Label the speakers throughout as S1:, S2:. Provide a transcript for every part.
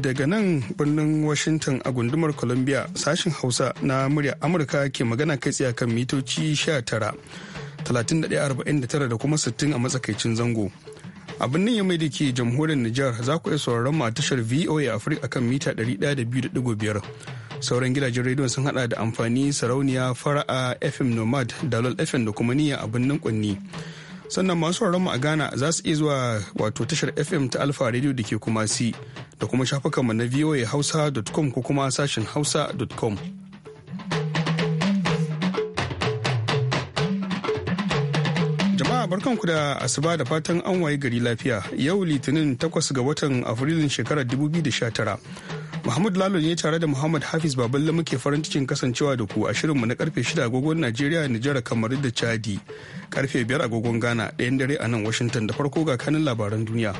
S1: daga nan birnin washington a gundumar columbia sashin hausa na murya amurka ke magana kai tsaye kan mitoci 19 3149 da kuma 60 a matsakaicin zango a ya mai da ke jamhuriyar nijar za ku iya sauraron mu a tashar voa afirka kan mita 102.5 sauran gidajen rediyon sun hada da amfani sarauniya fara'a fm nomad dalol fm da kuma niyya a birnin kunni sannan masu mu a ghana za su iya zuwa wato tashar fm ta alfa radio da ke kuma si da kuma shafukanmu na voa hausa.com ko kuma sashen hausa.com jama'a barkanku da asuba da fatan an waye gari lafiya yau litinin 8 ga watan afrilun shekarar 2019 Mahmud Lalo ne tare da Muhammad Hafiz Baballe muke farin cikin kasancewa da ku a shirinmu na karfe 6 agogon Najeriya, Nijar, kamar da Chadi. Karfe 5 agogon Ghana, ɗayan dare a nan Washington da farko ga kanin labaran duniya.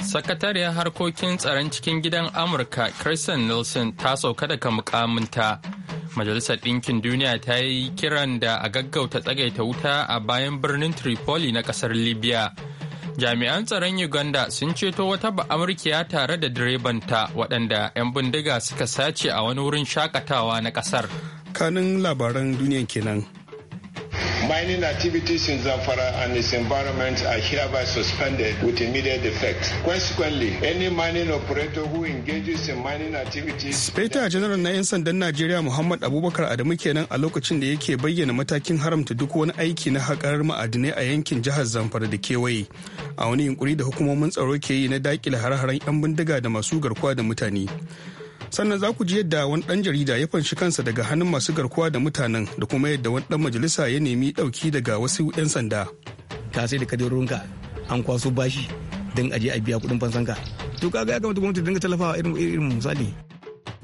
S2: Sakatariyar harkokin tsaron cikin gidan Amurka, Kirsten Nelson ta sauka daga mukaminta. Majalisar Ɗinkin Duniya ta yi kiran da a gaggauta tsagaita wuta a bayan birnin Tripoli na ƙasar Libya. Jami'an tsaron Uganda sun ceto wata ba'amurkiya tare da direbanta waɗanda 'yan bindiga suka sace a wani wurin shakatawa na ƙasar.
S1: Kanin labaran duniya kenan.
S3: Mining activities in Zamfara and its environment are hereby suspended with immediate effect. Consequently, any mining operator who engages in mining activities.
S1: Speta General na 'yan sandan Najeriya Muhammad Abubakar Adamu kenan a lokacin da yake bayyana matakin haramta duk wani aiki na haƙarar ma'adinai a yankin jihar Zamfara da kewaye. A wani yunkuri da hukumomin tsaro ke yi na daƙile har-haren 'yan bindiga da masu garkuwa da mutane. sannan za ku ji yadda wani ɗan jarida ya fanshi kansa daga hannun masu garkuwa da mutanen da kuma yadda wani ɗan majalisa ya nemi ɗauki daga wasu 'yan sanda. ka sai da ka
S4: an kwaso bashi don aje a biya kuɗin fansanka to kaga ya kamata gwamnati dinga talafawa irin irin misali.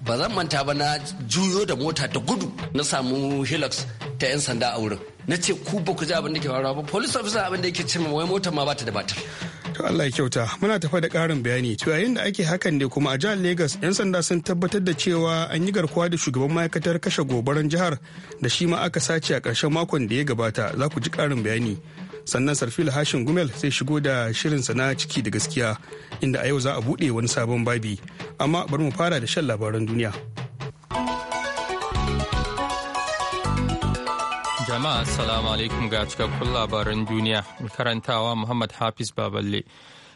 S5: ba zan manta ba na juyo da mota
S4: da gudu na samu hilux
S5: ta 'yan sanda a wurin na ce ku ba ku ji abin da ke faruwa ba police officer abin da yake cewa wai motar ma ba ta da batir
S1: To Allah ya kyauta muna tafa da karin bayani to yayin da ake hakan ne kuma a jihar lagos 'yan sanda sun tabbatar da cewa an yi garkuwa da shugaban ma'aikatar kashe gobaran jihar da shi ma aka sace a ƙarshen makon da ya gabata za ku ji karin bayani. Sannan Sarfil Hashin Gumel zai shigo da shirin na ciki da gaskiya inda a yau za a buɗe wani sabon babi amma bari mu fara da shan labaran duniya.
S2: Jama'a Assalamu alaikum ga cikakkun labaran duniya karantawa Muhammad Hafiz Baballe.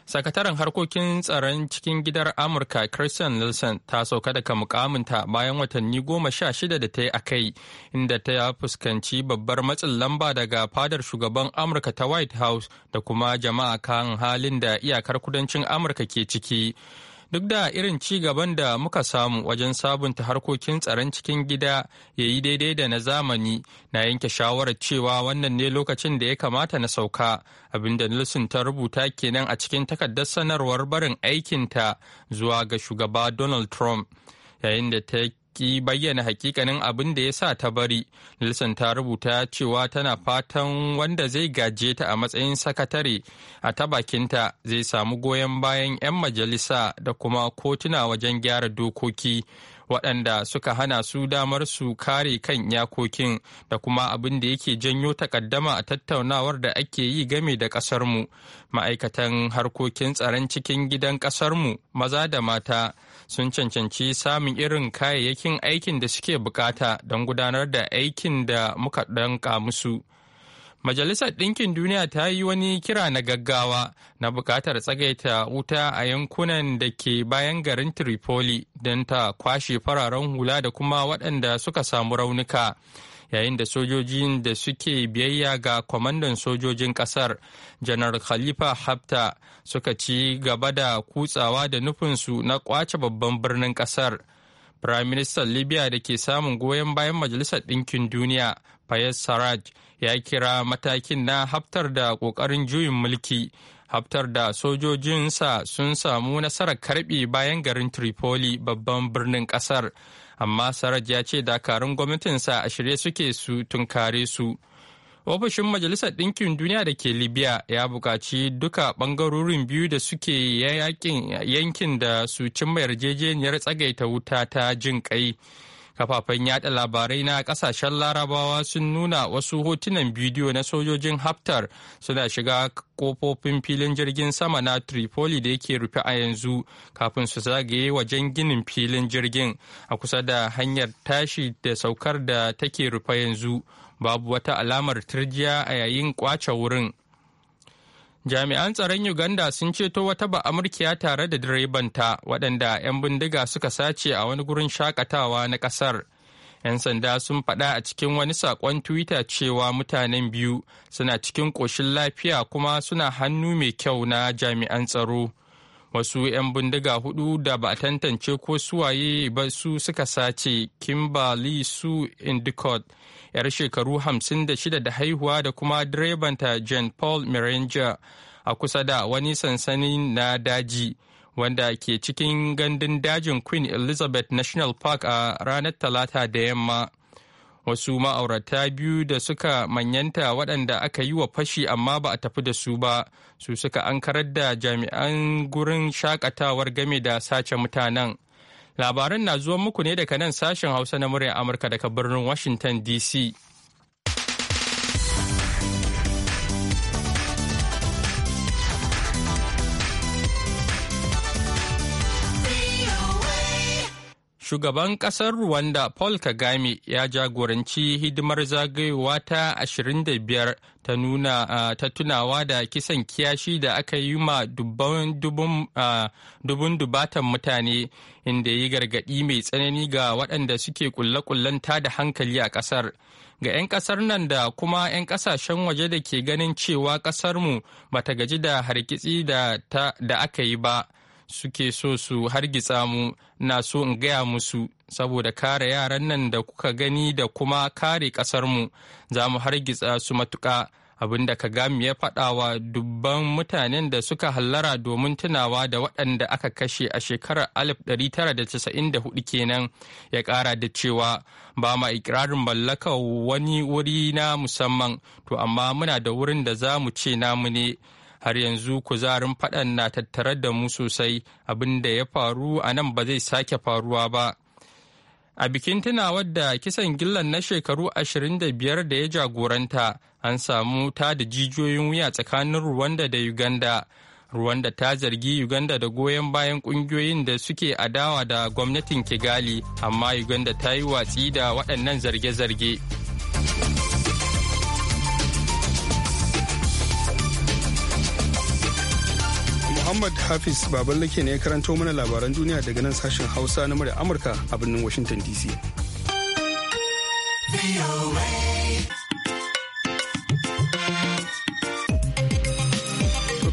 S2: Sakataren harkokin tsaron cikin gidar Amurka Christian Nelson ta sauka daga mukaminta bayan watanni goma sha shida da ta yi a kai inda ta fuskanci babbar matsin lamba daga fadar shugaban Amurka ta White House da kuma jama'a kan halin da iyakar kudancin Amurka ke ciki. duk da irin ci gaban da muka samu wajen sabunta harkokin tsaron cikin gida ya yi daidai da na zamani na yanke shawarar cewa wannan ne lokacin da ya kamata na sauka abinda Nelson ta rubuta kenan a cikin takardar sanarwar barin aikinta zuwa ga shugaba Donald Trump yayin da ta ki bayyana hakikanin abin da ya sa ta bari Nelson ta rubuta cewa tana fatan wanda zai gaje ta a matsayin sakatare a ta bakinta zai samu goyon bayan 'yan majalisa da kuma kotuna wajen gyara dokoki waɗanda suka hana su damar su kare kan yakokin da kuma abin da yake janyo takaddama a tattaunawar da ake yi game da ƙasarmu ma'aikatan harkokin tsaron cikin gidan ƙasarmu maza da mata sun cancanci samun irin kayayyakin aikin da suke bukata don gudanar da aikin da muka ɗanka musu. Majalisar Ɗinkin Duniya ta yi wani kira na gaggawa na buƙatar tsagaita wuta a yankunan da ke bayan garin Tripoli don ta kwashe fararen hula da kuma waɗanda suka samu raunuka. Yayin da sojojin da suke biyayya ga kwamandan sojojin ƙasar, Janar Khalifa Hafta suka ci gaba da kutsawa da nufinsu na kwace babban birnin ƙasar. Firaministan Libya da ke samun goyon bayan Majalisar Ɗinkin Duniya, Fayez Sarraj, ya kira matakin na haftar da ƙoƙarin juyin mulki haftar da sojojinsa sun samu nasarar karbi bayan garin tripoli babban birnin ƙasar amma saraj ya ce dakarun gwamnatinsa a shirye suke su tunkare su ofishin majalisar ɗinkin duniya da ke libya ya buƙaci duka ɓangarorin biyu da suke yankin da su cimma yarjejeniyar tsagaita wuta ta jin ƙai kafafen yada labarai na kasashen larabawa sun nuna wasu hotunan bidiyo na sojojin haftar suna shiga kofofin filin jirgin sama na tripoli da yake rufe a yanzu kafin su zagaye wajen ginin filin jirgin a kusa da hanyar tashi da saukar da take rufe yanzu babu wata alamar turjiya a yayin kwace wurin Jami'an tsaron Uganda sun ceto wata ba'amurkiya tare da direbanta waɗanda 'yan bindiga suka sace a wani gurin shakatawa na ƙasar. 'Yan sanda sun faɗa a cikin wani saƙon Twitter cewa mutanen biyu suna cikin ƙoshin lafiya kuma suna hannu mai kyau na jami'an tsaro. wasu 'yan bindiga hudu da ba a tantance ko suwaye ba su suka sace kimberly su indicot yar shekaru 56 da haihuwa da kuma direbanta jean paul miranger a kusa da wani sansani na daji wanda ke cikin gandun dajin queen elizabeth national park a ranar talata da yamma wasu ma'aurata biyu da suka manyanta waɗanda aka yi wa fashi amma ba a tafi da su ba su suka ankarar da jami'an gurin shakatawar game da sace mutanen labaran na zuwa muku ne daga nan sashen hausa na muryar amurka daga birnin washington dc Shugaban ƙasar Rwanda Paul Kagame ya jagoranci hidimar zagayowa ta 25 ta nuna ta tunawa da kisan kiyashi da aka yi ma dubun dubatan mutane inda ya yi gargaɗi mai tsanani ga waɗanda suke kulle-kullen da hankali a ƙasar. Ga 'yan ƙasar nan da kuma 'yan ƙasashen waje da ke ganin cewa ƙasarmu bata gaji da hargitsi da aka yi ba. suke so su hargitsa mu na so in gaya musu saboda kare yaran nan da kuka gani da kuma kare mu za mu hargitsa su matuƙa abinda gami ya faɗawa dubban mutanen da suka hallara domin tunawa da waɗanda aka kashe a shekarar 1994 kenan ya ƙara da cewa ba ma ikirarin mallaka wani wuri na musamman to amma muna da wurin da za mu ce namu ne har yanzu kuzarin faɗan na tattare da mu sosai abin da ya faru a nan ba zai sake faruwa ba a bikin tunawar da kisan gillan na shekaru 25 da ya jagoranta an samu ta da jijiyoyin wuya tsakanin rwanda da uganda rwanda ta zargi uganda da goyon bayan kungiyoyin da suke adawa da gwamnatin kigali amma uganda ta yi watsi da waɗannan zarge-zarge.
S1: Muhammad Hafiz Baballake ne ya karanto mana labaran duniya daga nan sashen Hausa na murya Amurka a birnin Washington DC.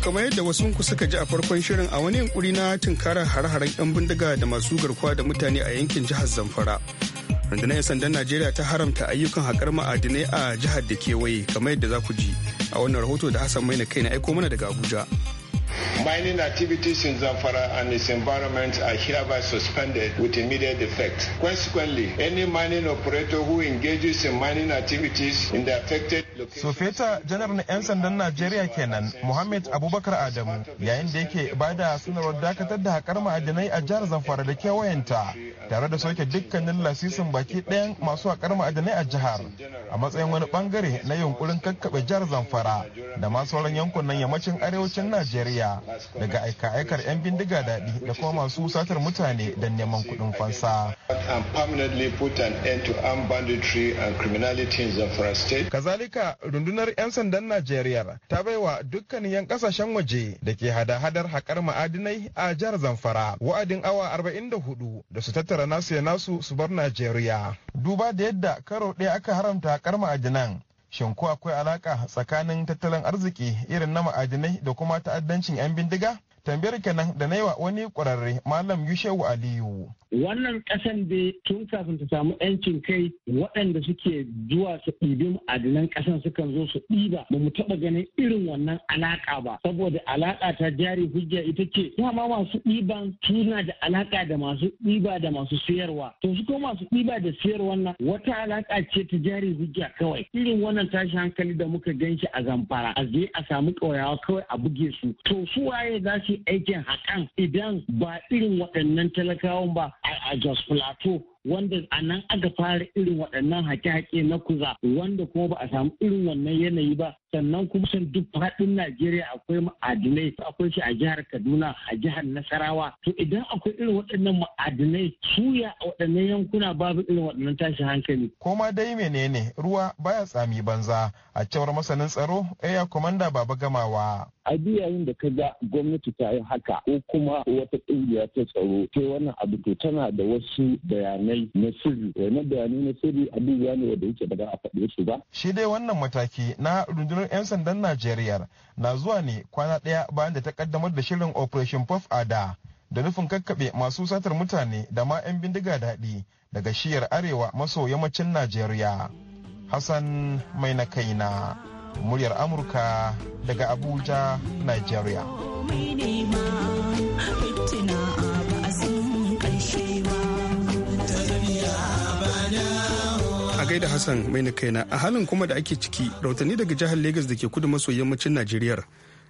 S1: kamar yadda wasu ku suka ji a farkon shirin a wani yunkuri na tunkara har haren 'yan bindiga da masu garkuwa da mutane a yankin jihar zamfara rundunar 'yan sandan najeriya ta haramta ayyukan haƙar ma'adinai a jihar da kewaye kamar yadda za ku ji a wannan rahoto da hassan mai na kai na aiko mana daga abuja
S3: Mining activities in Zamfara and its environment are hereby suspended with immediate effect. Consequently, any mining operator who engages in mining activities in the affected Sofeta janar na 'yan sandan Najeriya kenan Muhammad Abubakar Adamu yayin da yake bada sanarwar dakatar da haƙar ma'adinai a jihar Zamfara da kewayenta tare da soke dukkanin lasisin baki ɗayan masu haƙar ma'adanai a jihar a matsayin wani bangare na yunkurin kakkaɓe jihar zamfara da ma sauran yankunan yammacin arewacin najeriya daga aika-aikar 'yan bindiga daɗi da kuma masu satar mutane da neman kuɗin fansa kazalika rundunar 'yan sandan najeriya ta baiwa dukkanin 'yan kasashen waje da ke hada-hadar haƙar ma'adinai a jihar zamfara wa'adin awa 44 da su tattara tattara nasu ya nasu su bar Najeriya. Duba da yadda karo ɗaya aka haramta kar ma'adinan. Shin ko akwai alaƙa tsakanin tattalin arziki irin na ma'adinai da kuma ta'addancin 'yan bindiga? tambayar kenan da na yi wa wani kwararre malam yushewu aliyu wannan kasan da tun kafin ta samu yancin kai waɗanda suke zuwa su ɗibi
S4: ma'adinan kasan sukan zo su ɗiba ba mu taɓa ganin irin wannan alaƙa ba saboda alaƙa ta jari hujja ita ce dama masu ɗiban suna da alaƙa da masu ɗiba da masu sayarwa to su ko masu ɗiba da sayarwa wata alaƙa ce ta jari hujja kawai irin wannan tashi hankali da muka ganshi a zamfara a je a samu ƙauyawa kawai a buge su to su waye za su aikin haƙan idan ba irin waɗannan talakawan ba a Jos Plateau wanda a nan aka fara irin waɗannan hake-hake na kuza wanda kuma ba a samu irin wannan yanayi ba sannan kuma san duk faɗin Najeriya akwai ma'adinai
S3: akwai shi a jihar Kaduna a jihar Nasarawa to idan akwai irin waɗannan ma'adinai suya a waɗannan yankuna babu irin waɗannan tashi hankali. Koma dai menene ruwa baya tsami banza a cewar masanin tsaro Eya Komanda Baba Gamawa. a duk yayin da ka
S6: ga gwamnati ta yi haka ko kuma wata ƙungiya ta tsaro ke wannan abu to tana da wasu bayanai bayanai na sirri wannan eh, bayanai na sirri abubuwa ne wanda yake ba a faɗi su ba
S3: shi dai wannan mataki na rundunar 'yan sandan najeriya na zuwa ne kwana ɗaya bayan da ta kaddamar da shirin operation puff a da nufin kakkaɓe masu satar mutane da ma 'yan bindiga daɗi daga shiyar arewa maso yammacin najeriya hassan mai na kaina muryar amurka daga abuja Najeriya.
S1: da Hassan mai na kaina a halin kuma da ake ciki rautani daga jihar Legas da ke kudu maso yammacin Najeriya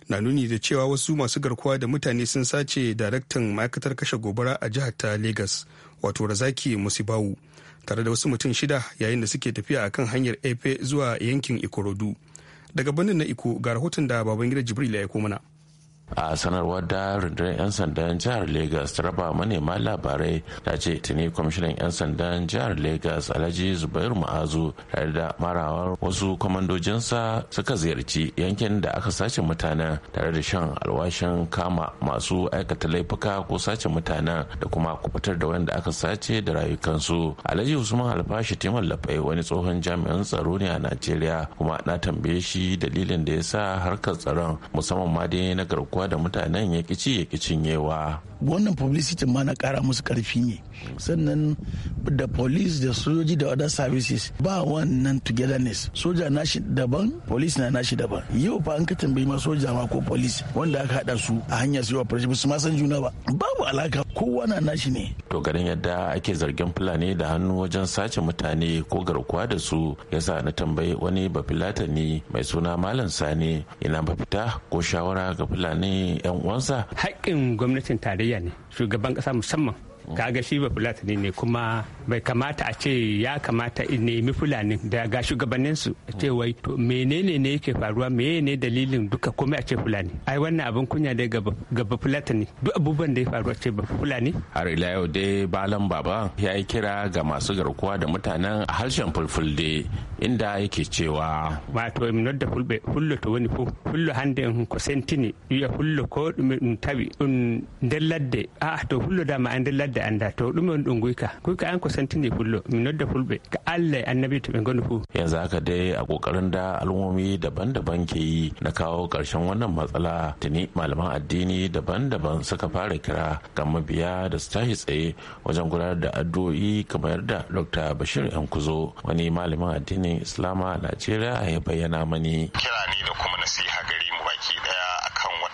S1: na nuni da cewa wasu masu garkuwa da mutane sun sace daraktan ma'aikatar kashe gobara a jihar ta Legas wato Razaki Musibawu tare da wasu mutum shida yayin da suke tafiya akan hanyar Efe zuwa yankin Ikorodu. Daga banin na Iko ga rahoton da Babangida Jibril ya aiko mana.
S6: a sanarwar da rundunar 'yan sandan jihar lagos ta raba manema labarai ta ce tuni kwamishinan 'yan sandan jihar lagos alhaji zubairu ma'azu tare da marawar wasu kwamandojinsa suka ziyarci yankin da aka sace mutanen tare da shan alwashin kama masu aikata laifuka ko sace mutanen da kuma kubutar da wanda aka sace da rayukansu alhaji usman alfashi timan lafai wani tsohon jami'an tsaro ne a najeriya kuma na tambaye shi dalilin da ya sa harkar tsaron musamman ma dai na garkuwa kuwa da mutanen ya ƙici ya ƙicinyewa wannan publicity ma na kara musu karfi ne sannan da police da sojoji da other services ba wannan togetherness soja nashi daban police na nashi daban yau fa an ka tambayi ma soja ma ko police wanda aka hada su a hanya su yawa farshe su ma san juna ba babu alaka kowa na nashi ne to garin yadda ake zargin fulani da hannu wajen sace mutane ko garkuwa da su yasa na tambayi wani bafilatani mai suna malam sani ina mafita ko shawara ga fulani yan
S7: uwansa haƙƙin gwamnatin tarayya najeriya ne shugaban kasa musamman kaga shi ba fulatani ne kuma bai kamata a ce ya kamata in nemi fulani da ga shugabannin su ce wai to menene ne yake faruwa menene dalilin duka komai a ce fulani ai wannan abin kunya dai gaba fulatani duk abubuwan da ya faru a ce ba fulani
S6: har ila yau dai balan baba ya yi kira ga masu garkuwa da mutanen a harshen fulfulde inda yake cewa
S7: wato imnar da fulbe fullo to wani fullo hande ko sentini ya fullo ko tabi in dalladde a to fullo da ma an dalladde da anda to ɗumen ɗum an ko fullo min nodda fulbe ka allah annabi to ben gonu
S6: yanzu haka dai a kokarin da al'ummomi daban-daban ke yi na kawo karshen wannan matsala tuni malaman addini daban-daban suka fara kira ga mabiya da su tashi tsaye wajen gudanar da addu'o'i kamar da dr bashir yankuzo wani malamin addinin islama a najeriya ya bayyana mani kira ne da kuma nasiha gari mu baki daya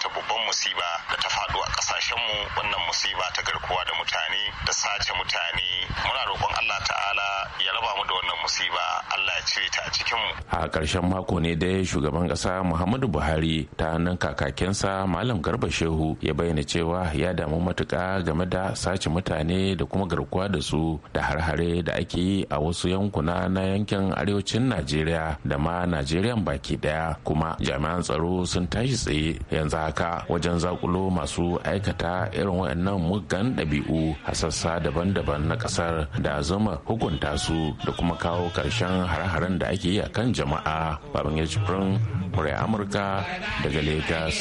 S6: wata babban
S3: musiba da ta faɗo a ƙasashenmu wannan musiba ta garkuwa da mutane da sace mutane muna roƙon Allah ta'ala ya raba mu da wannan musiba Allah ya cire ta a cikinmu.
S6: A ƙarshen mako ne dai shugaban ƙasa Muhammadu Buhari ta nan kakakensa Malam Garba Shehu ya bayyana cewa ya damu matuƙa game da sace mutane da kuma garkuwa da su da harhare da ake yi a wasu yankuna na yankin arewacin Najeriya da ma Najeriya baki daya kuma jami'an tsaro sun tashi tsaye yanzu haka wajen zakulo masu aikata irin waɗannan muggan ɗabi'u a sassa daban-daban na ƙasar da zama hukunta su da kuma kawo ƙarshen har haren da ake yi a kan jama'a babin ya jibrin amurka daga lagos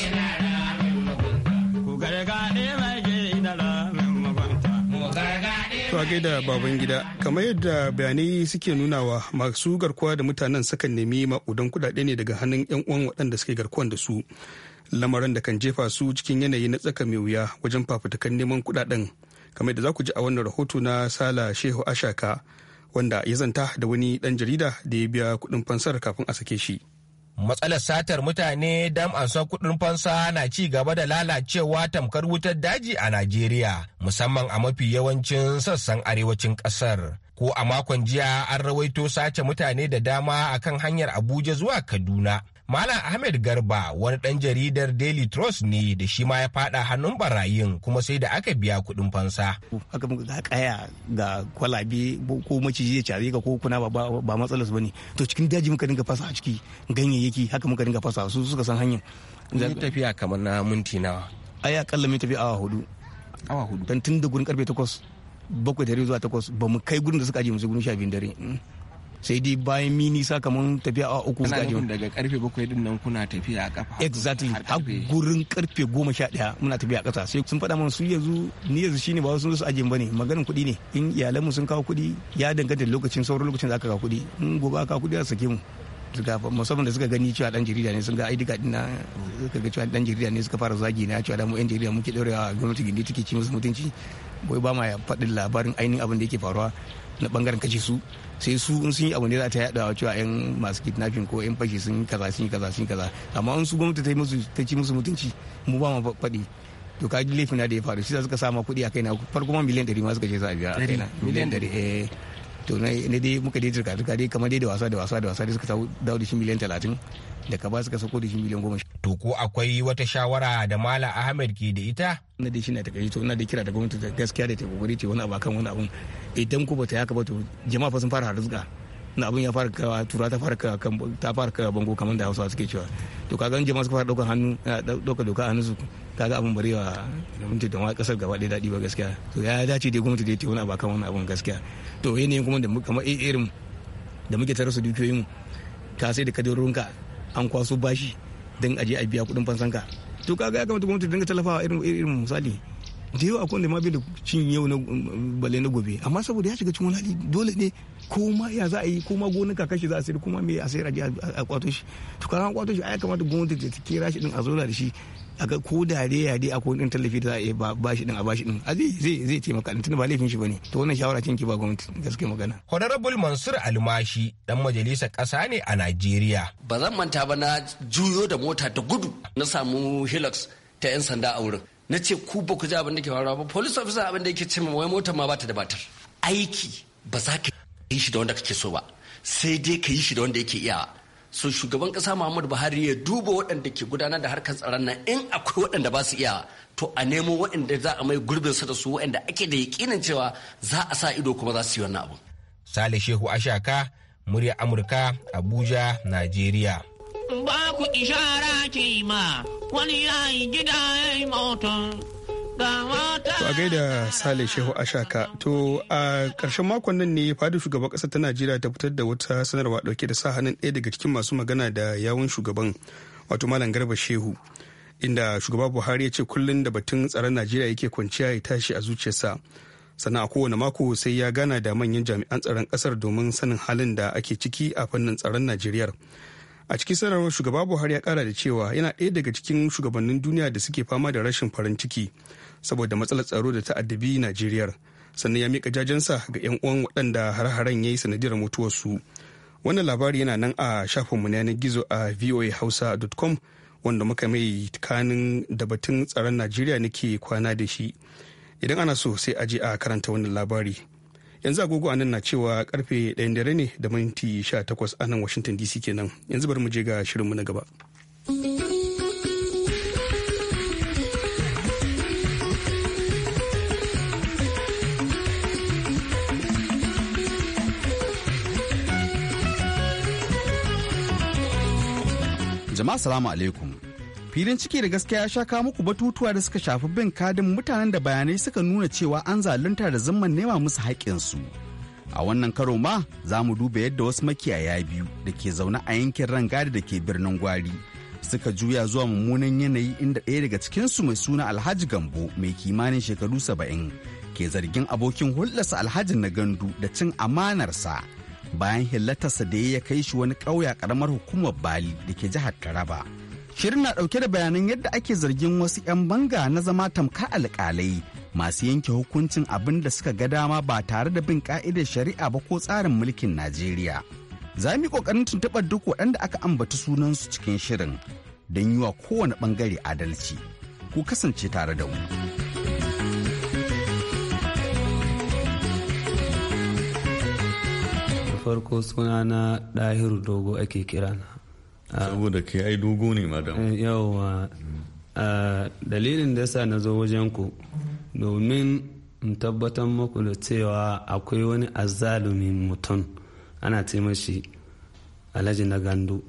S4: To a
S1: gaida baban gida, kamar yadda bayanai suke nunawa masu garkuwa da mutanen suka nemi makudan kudade ne daga hannun 'yan uwan waɗanda suke garkuwan da su. Lamarin da kan jefa su cikin yanayi na tsaka mai wuya wajen fafutukan neman kudaden. Kamar yadda za ku ji a wannan rahoto na Sala Shehu Ashaka wanda ya zanta da wani ɗan jarida da ya biya kudin fansar kafin a sake shi. matsalar satar mutane dam ansa kudin fansa na ci gaba
S4: da lalacewa tamkar wutar daji a najeriya musamman a mafi yawancin sassan arewacin kasar ko a makon jiya an rawaito sace mutane da dama akan hanyar abuja zuwa kaduna Malam Ahmed Garba wani ɗan jaridar Daily Trust ne da shi ma ya fada hannun barayin kuma sai da aka biya kuɗin fansa. Haka ga kaya ga kwalabe ko maciji ya cari ga ko kuna ba ba ne. bane. To cikin daji muka dinga fasa a ciki ganyayyaki haka muka dinga fasa su suka san hanyar. Zan tafiya kamar na minti nawa. Ai akalla mun tafi awa hudu. Awa hudu. Dan tun da gurin karfe takwas bakwai dare zuwa takwas ba mu kai gurin da suka aje mu sai gurin sha biyu dare. Mm. sai dai bayan mini kamar tafiya a uku zuwa jima daga karfe bakwai din nan kuna tafiya a kafa exactly a gurin karfe goma sha daya muna tafiya a kasa sai sun faɗa mana su yanzu ni yanzu shine ba sun zo su ajiye ba ne maganin kuɗi ne in mu sun kawo kuɗi ya danganta da lokacin sauran lokacin da aka kawo kuɗi in gobe aka kawo kuɗi a sake mu musamman da suka gani cewa dan jarida ne sun ga aidika din suka ga cewa dan jarida ne suka fara zagi na cewa mu yan jarida muke daurewa gwamnati gindi take ci musu mutunci wai ba ma faɗin labarin ainihin abin da yake faruwa na bangaren kashe su sai su in sun yi abu ne za ta yaɗa cewa yan masu kidnapping ko yan fashi sun kaza sun kaza sun kaza amma in su gwamnati ta yi musu ta ci musu mutunci mu ba mu faɗi to ka ji laifin da ya faru shi suka sama kuɗi a kaina farko ma miliyan ɗari ma suka ce sa biya a kaina miliyan ɗari eh to na dai muka dai jirka jirka dai kamar dai da wasa da wasa da wasa dai suka dawo da shi miliyan talatin da ka ba suka sako da shi miliyan goma To ko akwai wata shawara da Malam Ahmed ke da ita? Na dai shine ta to na da kira da gwamnati da gaskiya da ta kokari ce wani abu kan wani abu Idan ko bata haka ba to jama'a fa sun fara harzuka. Na abun ya fara kawa tura ta fara ta fara kawa bango kamar da Hausawa suke cewa. To kaga in jama'a suka fara daukar hannu daukar eh, doka a hannunsu kaga abun wa gwamnati da wani kasar gaba ɗaya daɗi ba gaskiya. To ya dace dai gwamnati da ta wani abu kan wani abun gaskiya. To yanayin kuma da kamar irin da muke tare su dukiyoyin ka sai da kadarorinka an kwaso bashi don aje a biya fansan fansanka to kaga ya kamata gwamnati dinga talafawa irin irin misali da yawa akwai wanda ma bai da cin yau na bale na gobe amma saboda ya shiga cikin wani dole ne ko ma ya za a yi ko ma gonin kakashi za a sayar ko ma me a sayar a kwato shi to kaga an kwato shi ai kamata gwamnati ta kira shi din a zo da shi a ga ko da yare yare akwai ɗin tallafi da za a iya ba shi ɗin a ba shi ɗin a zai zai taimaka tun ba laifin shi ba ne to wannan shawara cin ki ba gwamnati gaske magana. honorable mansur almashi dan majalisa kasa ne a najeriya. ba zan manta ba na juyo da mota ta gudu na samu hilux ta 'yan
S5: sanda a wurin na ce ku ba ku ji abin da ke faruwa ba police officer abin da yake ce wai motar ma ba ta da batar aiki ba za ka yi shi da wanda kake so ba sai dai ka yi shi da wanda yake iyawa su shugaban kasa muhammadu buhari ya duba waɗanda ke gudanar da harkar tsaron nan in akwai waɗanda ba su iya to a nemo waɗanda za a mai gurbin su da su waɗanda ake da yaƙinin cewa za a sa
S4: ido kuma za su yi wannan abu sale shehu ashaka murya amurka abuja najeriya
S2: ba ku ishara ke ma wani yayi gida yi motar a
S1: gaida sale shehu ashaka to a ƙarshen makon nan ne fadin shugaban ƙasa ta najeriya ta fitar da wata sanarwa ɗauke da sa hannun ɗaya daga cikin masu magana da yawun shugaban wato malam garba shehu inda shugaba buhari ya ce kullum da batun tsaron najeriya yake kwanciya ya tashi a zuciyarsa sannan a kowane mako sai ya gana da manyan jami'an tsaron ƙasar domin sanin halin da ake ciki a fannin tsaron najeriya a cikin sanarwar shugaba buhari ya kara da cewa yana ɗaya daga cikin shugabannin duniya da suke fama da rashin farin ciki saboda matsalar tsaro da ta'addabi najeriyar sannan ya miƙa jajensa ga 'yan uwan waɗanda har-haren ya yi sanadiyar mutuwarsu wannan labari yana nan a shafinmu na yanar gizo a voahausa.com wanda muka mai tukanin da batun tsaron najeriya nake kwana da shi idan ana so sai a je a karanta wannan labari yanzu agogo a nan na cewa karfe ɗayan dare ne da minti 18 a nan washington dc kenan yanzu bari mu je ga shirinmu na gaba
S5: jama'a salamu alaikum filin ciki da gaskiya ya sha kawo muku batutuwa da suka shafi bin kadin mutanen da bayanai suka nuna cewa an zalunta da zaman nema musu haƙƙinsu a wannan karo ma za mu duba yadda wasu makiyaya biyu da ke zaune a yankin rangadi da ke birnin gwari suka juya zuwa mummunan yanayi inda ɗaya daga cikinsu mai suna alhaji gambo mai kimanin shekaru saba'in ke zargin abokin hulɗarsa alhaji na gandu da cin amanarsa bayan hillatarsa da ya kai shi wani ƙauya ƙaramar hukumar bali da ke jihar taraba Shirin na ɗauke da bayanan yadda ake zargin wasu 'yan banga na zama tamka alƙalai masu yanke hukuncin abin da suka ga dama ba tare da bin ka'idar shari'a ba ko tsarin mulkin Najeriya. Za mu yi ƙoƙarin tuntuɓar duk waɗanda aka ambaci sunansu cikin shirin don yi wa kowane ɓangare adalci. Ku kasance tare da mu.
S7: farko suna na dahiru dogo ake kirana saboda ke ai dogo ne madam eh, yawwa dalilin da yasa na zo wajen ku domin in tabbatar muku da cewa akwai wani azalumin mutum ana ce mashi alhaji na gandu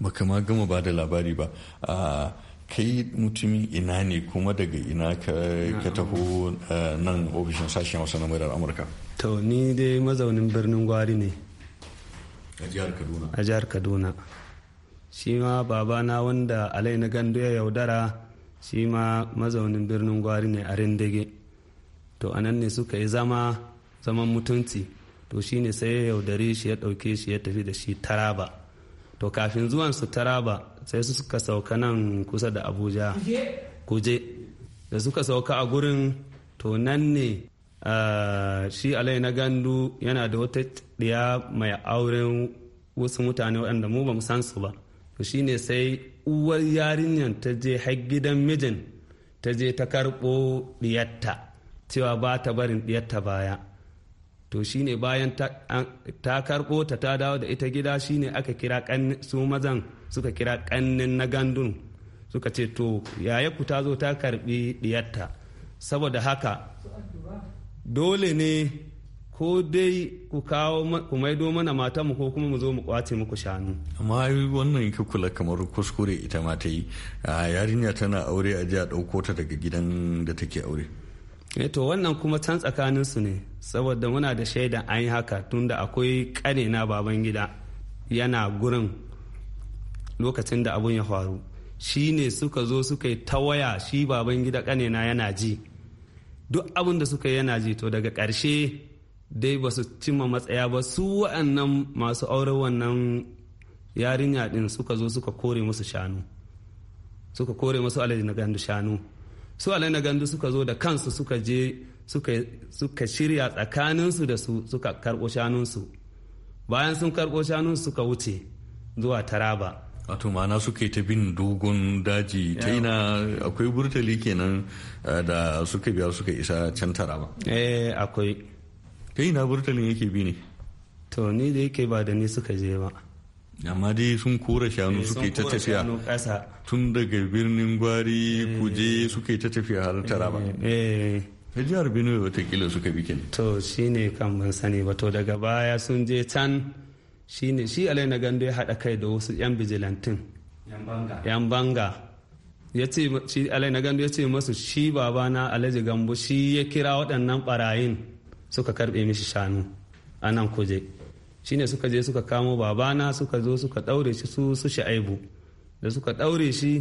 S8: ba kama gama ba da labari ba kai mutumi ina ne kuma daga ina ka taho nan ofishin sashen wasu na murar amurka
S7: to ni dai mazaunin birnin gwari ne a jihar kaduna shi ma babana wanda alai na gandu ya yaudara shi ma mazaunin birnin gwari ne a rindage to anan ne suka yi zama zaman mutunci to shi ne sai ya yaudare shi ya ɗauke shi ya tafi da shi taraba to kafin zuwan su taraba sai su suka sauka nan kusa da abuja kuje da suka sauka a gurin to nan ne shi alai na gandu yana da wata ɗiya mai auren wasu mutane waɗanda mu ba mu san su ba to shine sai uwar yarinyar ta je har gidan mijin ta je ta karɓo diyatta cewa ba ta barin diyatta baya to shine bayan ta karɓo ta ta dawo da ita gida shine aka kira su mazan suka kira kannin na gandun suka ce to yaya ku ta zo ta karɓi diyatta saboda haka dole ne ko dai ku kawo ku maido mana mata mu ko kuma mu zo mu kwace muku shanu
S8: amma wannan yake kula kamar kuskure ita ma ta yi yarinya tana aure a jiya a ta daga gidan da take aure
S7: eh to wannan kuma can tsakanin su ne saboda muna da shaidan an yi haka tunda akwai kane na baban gida yana gurin lokacin da abun ya faru shi ne suka zo suka yi ta waya shi baban gida kane na yana ji duk abin da suka yi yana ji to daga ƙarshe dai ba su cimma matsaya ba su wa'annan masu auren wannan yarinya din suka zo suka kore musu shanu suka kore musu alaji na gandu shanu su alaji na gandu suka zo da kansu suka je suka shirya tsakaninsu da su suka karɓo shanunsu bayan sun karɓo shanunsu suka wuce zuwa taraba
S8: wato ma'ana suka yi ta bin dogon daji ta ina akwai burtali kenan eh, da suka biya suka isa can taraba
S7: eh akwai kai
S8: na burtalin yake bi ne to ni da yake ba da ni suka je ba amma dai sun kora shanu eh, suke ta tafiya tun daga birnin gwari eh. kuje suke ta tafiya har tara ba eh, ta jihar benue watakila suka bikin kenan to shine kan
S7: ban sani ba to daga baya sun je can shine shi alai na gando ya haɗa kai da wasu yan bijilantin yan banga ya ce shi alai na gando ya ce masu shi babana alhaji gambo shi ya kira waɗannan barayin suka karbe mishi shanu a nan kuje ne suka je suka kamo babana suka zo suka daure shi su su sha'aibu da suka daure shi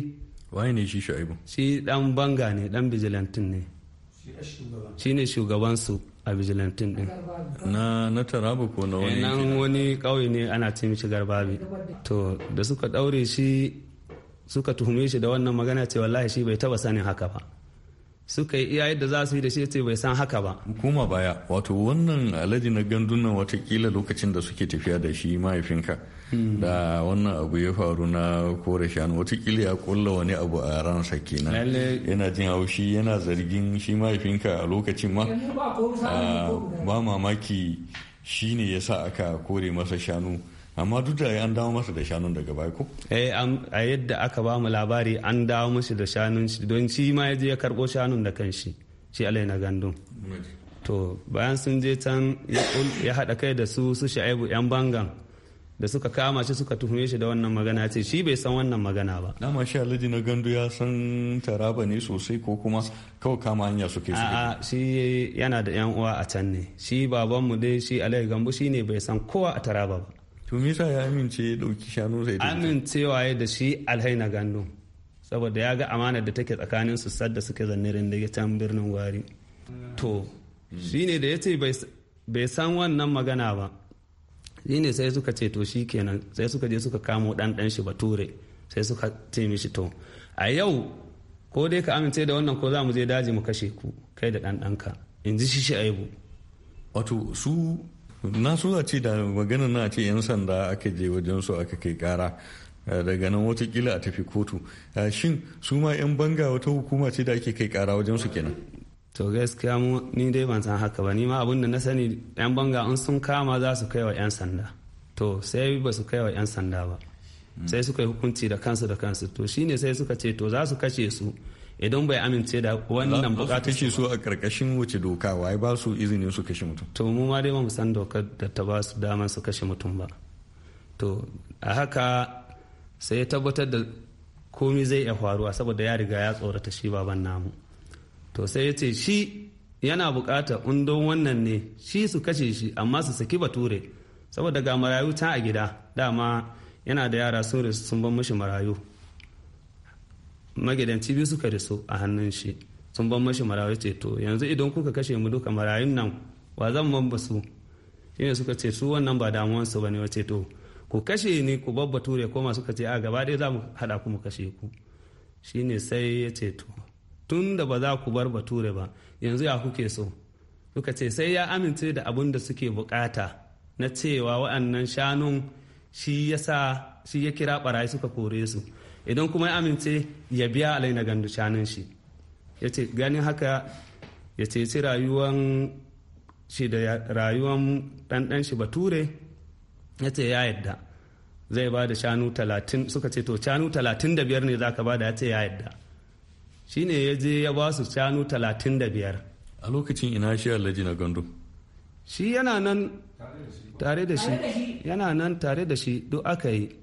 S7: waye ne shi sha'aibu shi dan banga ne dan bijilantin ne shi ne shugabansu a bijilantin din na na taraba ko na wani nan wani kauye ne ana ce mishi garbabi to da suka daure shi suka tuhume shi da wannan magana ce wallahi shi bai taba sanin haka ba suka yi iya yadda za su yi da shi ce bai san haka ba.
S8: Koma baya wato wannan alaji na gandun nan watakila lokacin da suke tafiya da shi mahaifinka. Hmm. Da wannan abu ya faru na kore shanu watakila ya kulla wani abu a ransa kenan. Yana jin haushi yana zargin shi mahaifinka a lokacin ma. Ah, ba mamaki shi ne ya sa aka kore masa shanu. amma duk da an dawo masa da shanun daga baya ko
S7: eh, a yadda aka ba mu labari an dawo masa da shanun shi don shi ma ya je ya karbo shanun da kanshi shi alai na gandun to bayan sun je can ya haɗa kai da su su sha'ibu yan bangan da suka kama shi suka tuhume shi da wannan magana ce shi bai san wannan magana ba
S8: dama shi alhaji na gandu ya san taraba ne sosai ko kuma kawai kama hanya suke su a shi yana da yan uwa a can ne shi babanmu
S7: dai shi alhaji gambu shi ne bai san kowa a taraba ba to me sa ya amince ya dauki shanu sai amincewa ya da shi alhaina gando saboda ya ga amana da take tsakanin su sadda suka zanne rindige can birnin gwari to shine da yace bai san wannan magana ba shine sai suka ce to shikenan sai suka je suka kamo dan dan shi bature sai suka ce mishi to a yau ko dai ka amince da wannan
S8: ko za mu je daji mu kashe ku kai da dan danka in ji shi shi aibu wato su na su a ce da magana na ce 'yan sanda aka je wajen su aka kai kara eh, daga nan watakila a tafi kotu eh, shin su ma 'yan banga wata hukuma ce da ake kai kara wajen su kenan to gaskiya mu ni dai ban san haka ba ni ma abin da na sani 'yan
S7: banga in sun kama za su kai wa 'yan sanda to sai ba su kai wa 'yan sanda ba sai suka yi hukunci da kansu da kansu to shine sai suka ce to za su kashe su idan bai amince da wannan bukatu shi
S8: su a karkashin wace doka wai ba su izinin su kashe mutum to mu ma dai
S7: mu san dokar da ta ba su damar su kashe mutum ba to a haka sai ya tabbatar da komai zai iya faruwa saboda ya riga ya tsorata shi baban namu to sai ya ce shi yana bukata undon wannan ne shi su kashe shi amma su saki bature saboda ga marayu ta a gida dama yana da yara sun sun bar mashi marayu magidanci biyu suka risu a hannun shi sun ban mashi marayu ceto to yanzu idan kuka kashe mu duka marayun nan wa zan ban su shine suka ce su wannan ba damuwansu bane wace to ku kashe ni ku babba ture koma suka ce a gaba dai za mu haɗa ku mu kashe ku shine sai ya ce to tun da ba za ku bar bature ba yanzu ya kuke so suka ce sai ya amince da abin da suke bukata na cewa wa'annan shanun shi ya kira barayi suka kore su idan kuma ya amince ya biya alai na gandu shanun shi ya ce ganin haka ya ceci rayuwan shi da rayuwan ɗanɗan shi bature ya ce ya yadda zai ba da shanu talatin suka ce to shanu talatin da biyar ne za ka ba da ya ce ya yadda shi ne ya je ya ba su shanu talatin da biyar a lokacin ina shi alhaji na gandu shi yana nan tare da shi yana nan tare da shi duk aka yi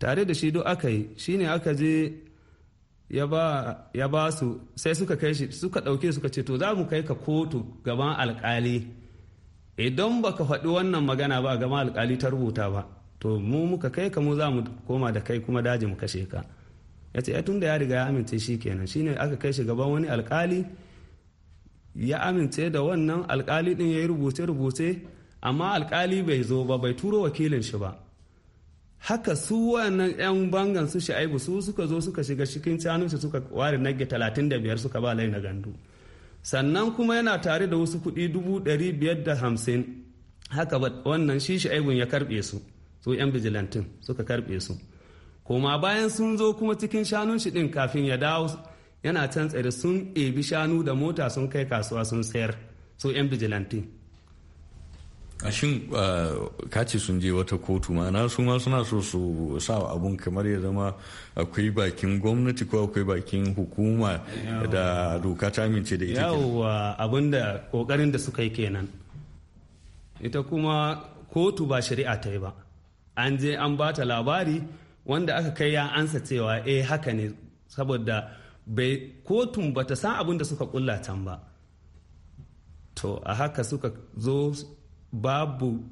S7: tare da shi duk aka yi shine aka je ya ba su sai suka kai shi suka ɗauke suka ce to za mu kai ka kotu gaban alkali idan baka faɗi wannan magana ba gaban alkali ta rubuta ba to mu muka kai ka mu za mu koma da kai kuma daji mu kashe ka ya ce tun da ya riga ya amince shi kenan shine aka kai shi gaban wani alkali ya amince da wannan alkali din ya yi rubuce-rubuce amma alkali bai zo ba bai turo wakilin shi ba haka su wannan 'yan bangan su sha'ibu su suka zo suka shiga cikin canunsu suka ware nage 35 suka ba laina gandu sannan kuma yana tare da wasu kuɗi 550 haka wannan shi sha'ibun ya karbe su su 'yan bijilantin suka karɓe su kuma bayan sun zo kuma cikin shanun shi ɗin kafin ya dawo yana can tsare sun ɗebi shanu da mota sun kai kasuwa sun sayar su 'yan bijilantin
S8: a shin ce sun je wata kotu ma'ana su ma suna so su sa abun kamar ya zama akwai bakin gwamnati ko akwai bakin hukuma da doka ta amince da ita
S7: yawwa abin da kokarin da suka yi kenan ita kuma kotu ba shari'a ta yi ba an je an ba ta labari wanda aka kai ya ansa cewa eh haka ne saboda bai kotun bata san abin da suka kulla can ba to a haka suka zo babu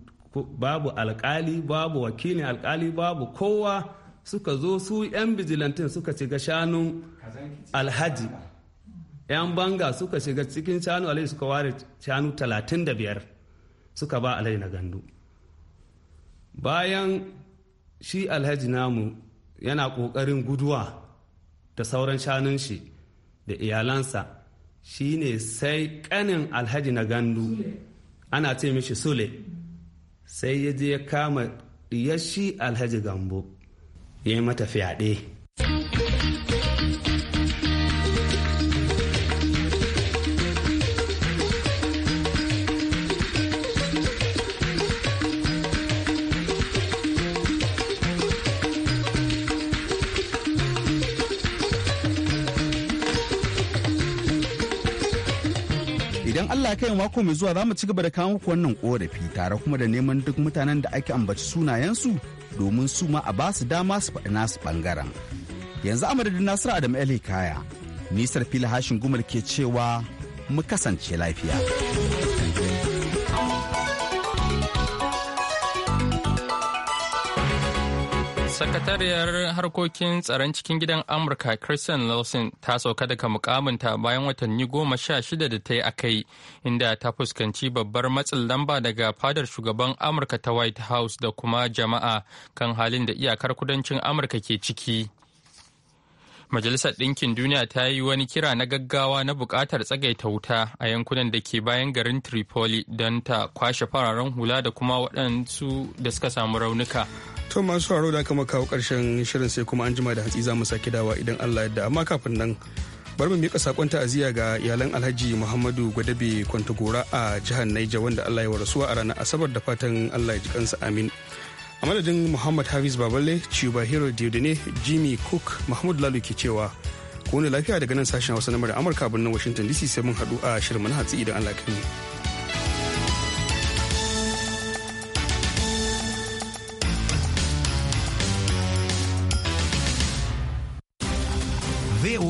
S7: babu alkali babu wakilin alkali babu kowa suka zo su 'yan bijilantin suka shiga shanun alhaji 'yan banga suka shiga cikin shanu alhaji suka ware shanu 35 suka ba alhaji na gandu bayan shi alhaji namu yana ƙoƙarin guduwa da sauran shanun shi da iyalansa shi ne sai ƙanin alhaji na gandu ana ce mishi sule sai ya je ya kama shi alhaji gambo ya yi mata fyaɗe
S5: Allah kai mako mai zuwa za mu ci gaba da kawo muku wannan korafi tare kuma da neman duk mutanen da ake ambaci sunayensu domin su ma a basu dama su faɗi nasu bangaren Yanzu a madadin Nasiru Adam Ali Kaya, nisar fili hashin gumar ke cewa mu kasance lafiya.
S2: Sakatariyar harkokin tsaron cikin gidan Amurka Christian Lawson ta sauka daga mukaminta bayan watanni goma sha shida da ta yi a kai, inda ta fuskanci babbar matsin lamba daga fadar shugaban Amurka ta White House da kuma jama'a kan halin da iyakar kudancin Amurka ke ciki. Majalisar Ɗinkin Duniya ta yi wani kira na gaggawa na buƙatar tsagaita wuta a yankunan da ke bayan garin Tripoli don ta kwashe fararen hula da kuma waɗansu da suka samu raunuka.
S1: To masu haro da kama kawo karshen shirin sai kuma an jima da hatsi za mu sake dawa idan Allah yadda amma kafin nan bari mu miƙa sakon ta'aziyya ga iyalan Alhaji Muhammadu Gwadabe Kwantagora a jihar Niger wanda Allah ya warasuwa a ranar Asabar da fatan Allah ya ji kansa amin. A madadin Muhammad Hafiz Baballe, hero Diodene, Jimmy Cook, Mahmud Lalu ke cewa ku lafiya daga nan sashen Hausa na Amurka birnin Washington DC sai mun hadu a shirin hatsi idan Allah kai